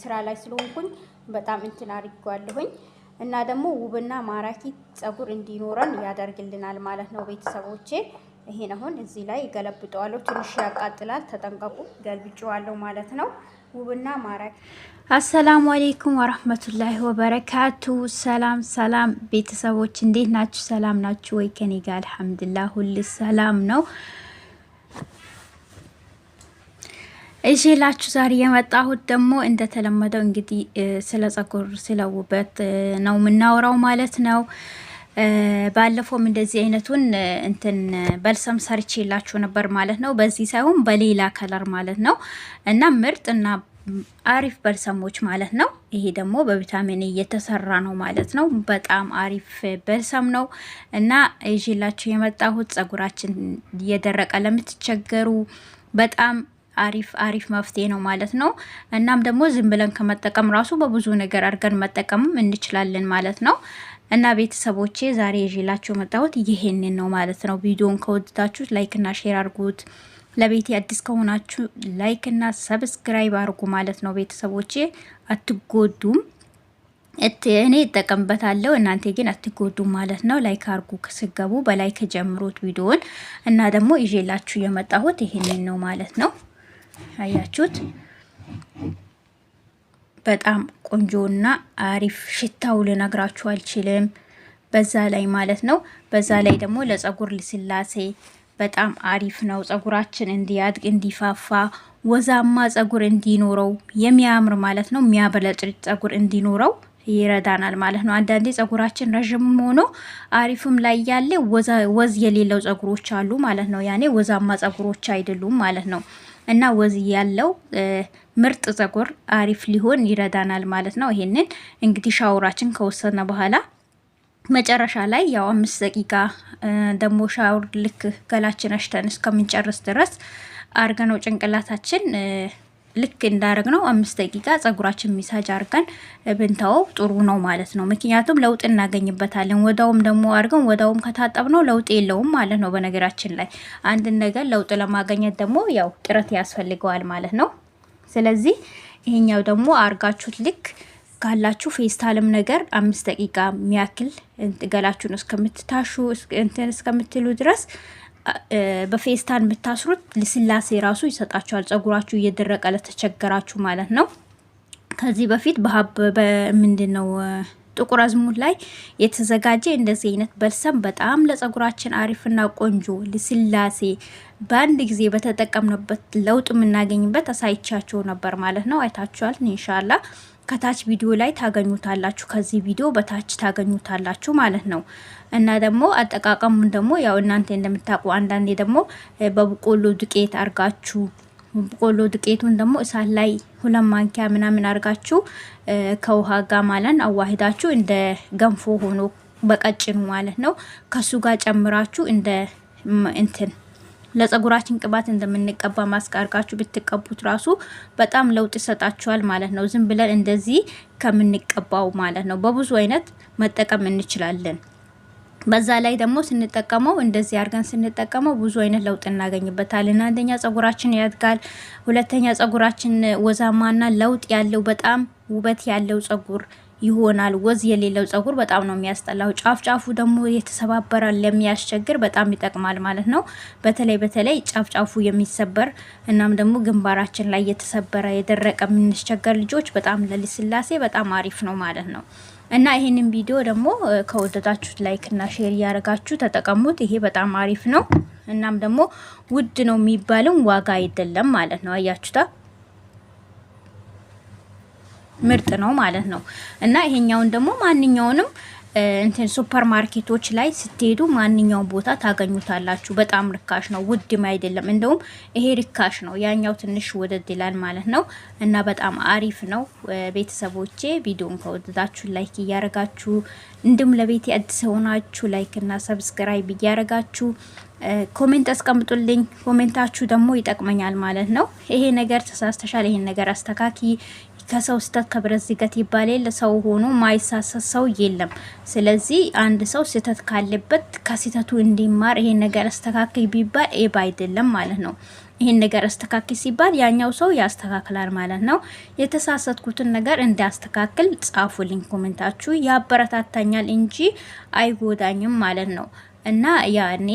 ስራ ላይ ስለሆንኩኝ በጣም እንትን አድርጓለሁኝ እና ደግሞ ውብና ማራኪ ጸጉር እንዲኖረን ያደርግልናል ማለት ነው ቤተሰቦቼ። ይሄን አሁን እዚህ ላይ ገለብጠዋለሁ። ትንሽ ያቃጥላል፣ ተጠንቀቁ። ገልብጨዋለሁ ማለት ነው። ውብና ማራኪ አሰላሙ አሌይኩም ወረህመቱላሂ ወበረካቱ። ሰላም ሰላም ቤተሰቦች፣ እንዴት ናችሁ? ሰላም ናችሁ ወይ? ከኔ ጋር አልሐምዱሊላህ ሁል ሰላም ነው። እላችሁ ዛሬ የመጣሁት ደግሞ እንደተለመደው እንግዲህ ስለ ጸጉር ስለ ውበት ነው የምናወራው ማለት ነው። ባለፈውም እንደዚህ አይነቱን እንትን በልሰም ሰርች የላችሁ ነበር ማለት ነው። በዚህ ሳይሆን በሌላ ከለር ማለት ነው እና ምርጥ እና አሪፍ በልሰሞች ማለት ነው። ይሄ ደግሞ በቪታሚን እየተሰራ ነው ማለት ነው። በጣም አሪፍ በልሰም ነው እና ይዤላችሁ የመጣሁት ጸጉራችን እየደረቀ ለምትቸገሩ በጣም አሪፍ አሪፍ መፍትሄ ነው ማለት ነው። እናም ደግሞ ዝም ብለን ከመጠቀም ራሱ በብዙ ነገር አድርገን መጠቀምም እንችላለን ማለት ነው። እና ቤተሰቦቼ ዛሬ ይዤላችሁ መጣሁት ይሄንን ነው ማለት ነው። ቪዲዮን ከወደዳችሁት ላይክና ሼር አድርጉት። ለቤቴ አዲስ ከሆናችሁ ላይክና ሰብስክራይብ አድርጉ ማለት ነው። ቤተሰቦቼ አትጎዱም። እኔ እጠቀምበታለሁ እናንተ ግን አትጎዱም ማለት ነው። ላይክ አርጉ ስገቡ በላይክ ጀምሩት ቪዲዮን እና ደግሞ ይዤላችሁ የመጣሁት ይሄንን ነው ማለት ነው። አያችሁት? በጣም ቆንጆና አሪፍ ሽታው ልነግራችሁ አልችልም። በዛ ላይ ማለት ነው። በዛ ላይ ደግሞ ለጸጉር ልስላሴ በጣም አሪፍ ነው። ጸጉራችን እንዲያድግ እንዲፋፋ፣ ወዛማ ጸጉር እንዲኖረው የሚያምር ማለት ነው፣ የሚያበለጭ ጸጉር እንዲኖረው ይረዳናል ማለት ነው። አንዳንዴ ጸጉራችን ረዥምም ሆኖ አሪፍም ላይ ያለ ወዝ የሌለው ጸጉሮች አሉ ማለት ነው። ያኔ ወዛማ ጸጉሮች አይደሉም ማለት ነው። እና ወዝ ያለው ምርጥ ጸጉር አሪፍ ሊሆን ይረዳናል ማለት ነው። ይሄንን እንግዲህ ሻውራችን ከወሰነ በኋላ መጨረሻ ላይ ያው አምስት ደቂቃ ደግሞ ሻውር ልክ ገላችን አሽተን እስከምንጨርስ ድረስ አርገነው ጭንቅላታችን ልክ እንዳረግ ነው አምስት ደቂቃ ጸጉራችን ሚሳጅ አርገን ብንተወው ጥሩ ነው ማለት ነው። ምክንያቱም ለውጥ እናገኝበታለን። ወዳውም ደግሞ አድርገን ወዳውም ከታጠብ ነው ለውጥ የለውም ማለት ነው። በነገራችን ላይ አንድን ነገር ለውጥ ለማገኘት ደግሞ ያው ጥረት ያስፈልገዋል ማለት ነው። ስለዚህ ይሄኛው ደግሞ አርጋችሁት ልክ ካላችሁ ፌስታልም ነገር አምስት ደቂቃ የሚያክል ገላችሁን እስከምትታሹ እንትን እስከምትሉ ድረስ በፌስታን የምታስሩት ልስላሴ ራሱ ይሰጣችኋል። ጸጉራችሁ እየደረቀ ለተቸገራችሁ ማለት ነው። ከዚህ በፊት በሀብ ምንድን ነው ጥቁር አዝሙድ ላይ የተዘጋጀ እንደዚህ አይነት በልሰም በጣም ለጸጉራችን አሪፍና ቆንጆ ልስላሴ በአንድ ጊዜ በተጠቀምንበት ለውጥ የምናገኝበት አሳይቻቸው ነበር ማለት ነው። አይታችኋል ኢንሻላ ከታች ቪዲዮ ላይ ታገኙታላችሁ። ከዚህ ቪዲዮ በታች ታገኙታላችሁ ማለት ነው። እና ደግሞ አጠቃቀሙን ደግሞ ያው እናንተ እንደምታውቁ አንዳንዴ ደግሞ በበቆሎ ዱቄት አርጋችሁ በቆሎ ዱቄቱን ደግሞ እሳት ላይ ሁለት ማንኪያ ምናምን አርጋችሁ ከውሃ ጋር ማለት አዋሂዳችሁ እንደ ገንፎ ሆኖ በቀጭኑ ማለት ነው ከሱ ጋር ጨምራችሁ እንደ እንትን ለጸጉራችን ቅባት እንደምንቀባ ማስክ አርጋችሁ ብትቀቡት ራሱ በጣም ለውጥ ይሰጣችኋል ማለት ነው። ዝም ብለን እንደዚህ ከምንቀባው ማለት ነው። በብዙ አይነት መጠቀም እንችላለን። በዛ ላይ ደግሞ ስንጠቀመው እንደዚህ አድርገን ስንጠቀመው ብዙ አይነት ለውጥ እናገኝበታለን። አንደኛ ጸጉራችን ያድጋል፣ ሁለተኛ ጸጉራችን ወዛማና ለውጥ ያለው በጣም ውበት ያለው ጸጉር ይሆናል። ወዝ የሌለው ጸጉር በጣም ነው የሚያስጠላው። ጫፍ ጫፉ ደግሞ የተሰባበረ ለሚያስቸግር በጣም ይጠቅማል ማለት ነው። በተለይ በተለይ ጫፍ ጫፉ የሚሰበር እናም ደግሞ ግንባራችን ላይ የተሰበረ የደረቀ የምንቸገር ልጆች በጣም ለልስላሴ በጣም አሪፍ ነው ማለት ነው። እና ይህንን ቪዲዮ ደግሞ ከወደዳችሁት ላይክ እና ሼር እያደረጋችሁ ተጠቀሙት። ይሄ በጣም አሪፍ ነው። እናም ደግሞ ውድ ነው የሚባልም ዋጋ አይደለም ማለት ነው። አያችሁታ ምርጥ ነው ማለት ነው። እና ይሄኛውን ደግሞ ማንኛውንም እንትን ሱፐር ማርኬቶች ላይ ስትሄዱ ማንኛውም ቦታ ታገኙታላችሁ። በጣም ርካሽ ነው፣ ውድም አይደለም። እንደውም ይሄ ርካሽ ነው፣ ያኛው ትንሽ ወደድ ይላል ማለት ነው። እና በጣም አሪፍ ነው። ቤተሰቦቼ ቪዲዮን ከወደዳችሁ ላይክ እያረጋችሁ እንዲሁም ለቤት አዲስ ሆናችሁ ላይክ እና ሰብስክራይብ እያረጋችሁ ኮሜንት አስቀምጡልኝ። ኮሜንታችሁ ደግሞ ይጠቅመኛል ማለት ነው። ይሄ ነገር ተሳስተሻል፣ ይሄን ነገር አስተካኪ፣ ከሰው ስህተት ከብረት ዝገት የለ ሰው ሆኖ ማይሳሰት ሰው የለም። ስለዚህ አንድ ሰው ስህተት ካለበት ከስህተቱ እንዲማር ይሄን ነገር አስተካክል ቢባል ኤብ አይደለም ማለት ነው። ይሄን ነገር አስተካክል ሲባል ያኛው ሰው ያስተካክላል ማለት ነው። የተሳሳትኩትን ነገር እንዲያስተካክል ጻፉልኝ ኮሜንታችሁ። ያበረታታኛል እንጂ አይጎዳኝም ማለት ነው እና ያኔ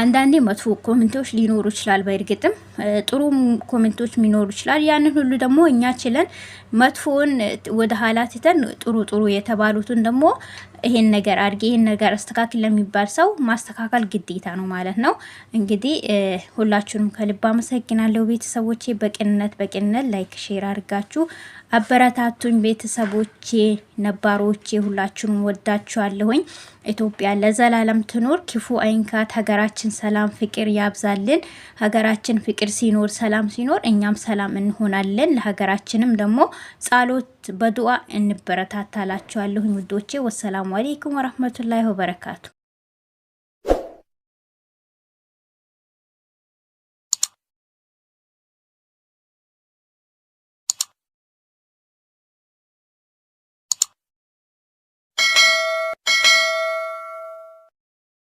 አንዳንዴ መጥፎ ኮሜንቶች ሊኖሩ ይችላል። በእርግጥም ጥሩ ኮሜንቶች ሊኖሩ ይችላል። ያንን ሁሉ ደግሞ እኛ ችለን መጥፎውን ወደ ኋላ ትተን ጥሩ ጥሩ የተባሉትን ደግሞ ይሄን ነገር አድርጌ ይሄን ነገር አስተካክል ለሚባል ሰው ማስተካከል ግዴታ ነው ማለት ነው። እንግዲህ ሁላችሁንም ከልብ አመሰግናለሁ ቤተሰቦቼ። በቅንነት በቅንነት ላይክ ሼር አድርጋችሁ አበረታቱኝ ቤተሰቦቼ፣ ነባሮቼ ሁላችሁንም ወዳችኋለሁኝ። ኢትዮጵያ ለዘላለም ትኖር፣ ክፉ አይንካት። ሀገራችን ሰላም ፍቅር ያብዛልን። ሀገራችን ፍቅር ሲኖር ሰላም ሲኖር እኛም ሰላም እንሆናለን። ለሀገራችንም ደግሞ ጸሎት በዱዓ እንበረታታላችኋለሁኝ ውዶቼ። ወሰላሙ አሌይኩም ወረህመቱላሂ ወበረካቱ።